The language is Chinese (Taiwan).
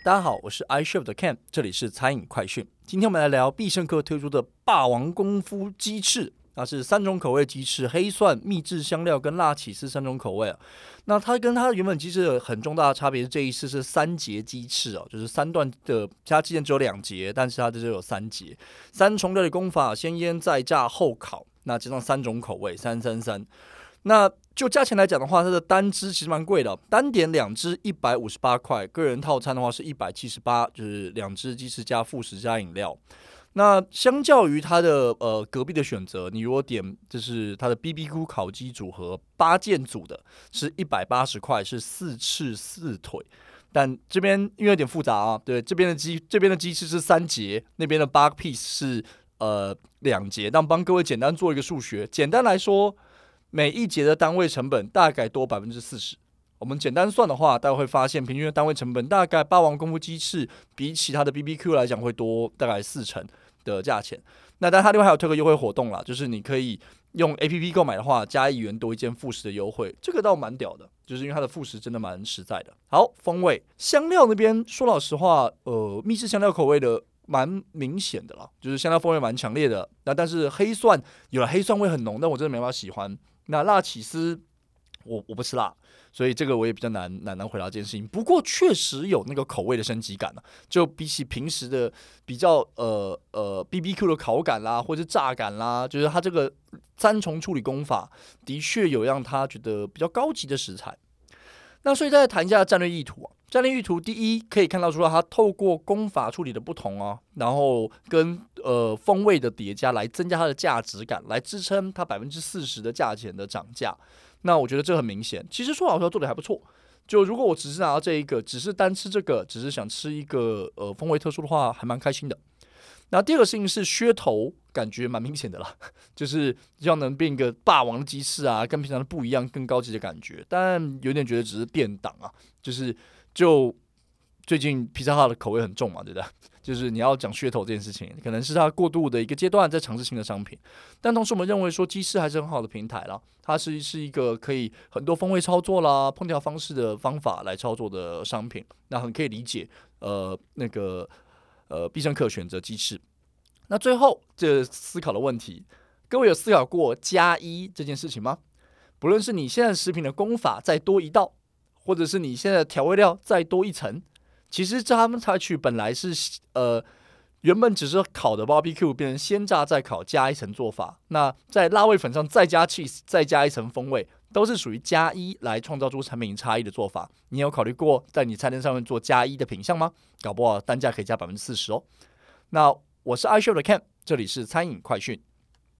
大家好，我是 iCHEF 的 Ken，這裡是餐飲快訊。今天我們來聊必勝客推出的霸王功夫雞翅啊，它是三種口味雞翅：黑蒜、秘制香料跟辣起司三種口味啊。那它跟它的原本雞翅很重大的差別是，這一次是三節雞翅哦，就是三段的，其他雞翅只有兩節，但是它這就只有三節，三重料理工法，先醃再炸後烤，那這種三種口味，三三三。那就價錢來講的話，它的單隻其實蠻貴的，單點兩隻一百五十八塊，個人套餐的話是一百七十八，就是兩隻雞翅加副食加飲料。那相較於它的呃隔壁的選擇，你如果點就是它的 BBQ 烤雞組合八件組的是一百八十塊，是四翅四腿，但這邊因為有點複雜啊，對，這邊的雞這邊的雞翅是三節，那邊的八個 piece 是呃兩節，但幫各位簡單做一個數學，簡單來說。每一節的單位成本大概多百分之四十，我們簡單算的話，大家會發現平均的單位成本大概霸王功夫雞翅比起它的 B B Q 來講會多大概四成的價錢。那但他另外還有推個優惠活動啦，就是你可以用 A P P 購買的話，加一元多一件副食的優惠，這個倒蠻屌的，就是因為它的副食真的蠻實在的。好，風味香料那邊說老實話，呃，秘制香料口味的蠻明顯的啦，就是香料風味蠻強烈的。那但是黑蒜有了黑蒜味很濃，但我真的沒辦法喜歡。那辣起司，我我不吃辣，所以這個我也比較難難難回答這件事情。不過確實有那個口味的升級感了啊，就比起平時的比較呃呃 BBQ 的烤感啦，或者是炸感啦，就是它這個三重處理工法，的確有讓他覺得比較高級的食材。那所以再談一下戰略意圖啊，戰略意圖第一可以看到說它透過工法處理的不同啊，然後跟呃風味的疊加來增加它的價值感，來支撐它百分之四十的價錢的漲價。那我覺得這很明顯，其實說老實話做的還不錯。就如果我只是拿到這一個，只是單吃這個，只是想吃一個呃風味特殊的話，還蠻開心的。那第二個事情是噱頭，感覺蠻明顯的啦，就是要能變一個霸王的雞翅啊，跟平常的不一樣，更高級的感覺。但有點覺得只是變檔啊，就是就最近披薩哈的口味很重嘛，對不對？就是你要講噱頭這件事情，可能是它過渡的一個階段，在嘗試新的商品。但同時，我們認為說雞翅還是很好的平台了，它是是一個可以很多風味操作啦、烹調方式的方法來操作的商品，那很可以理解。呃，那個。呃，必勝客選擇雞翅。那最後這思考的問題，各位有思考過加一這件事情嗎？不論是你現在食品的功法再多一道，或者是你現在調味料再多一層，其實他們採取本來是呃，原本只是烤的 BBQ，變成先炸再烤，加一層做法。那在辣味粉上再加 cheese，再加一層風味。都是屬於加一來創造出產品差異的做法。你有考慮過在你菜單上面做加一的品項嗎？搞不好單價可以加百分之四十哦。那我是 iCHEF 的 Cam，這裡是餐飲快訊。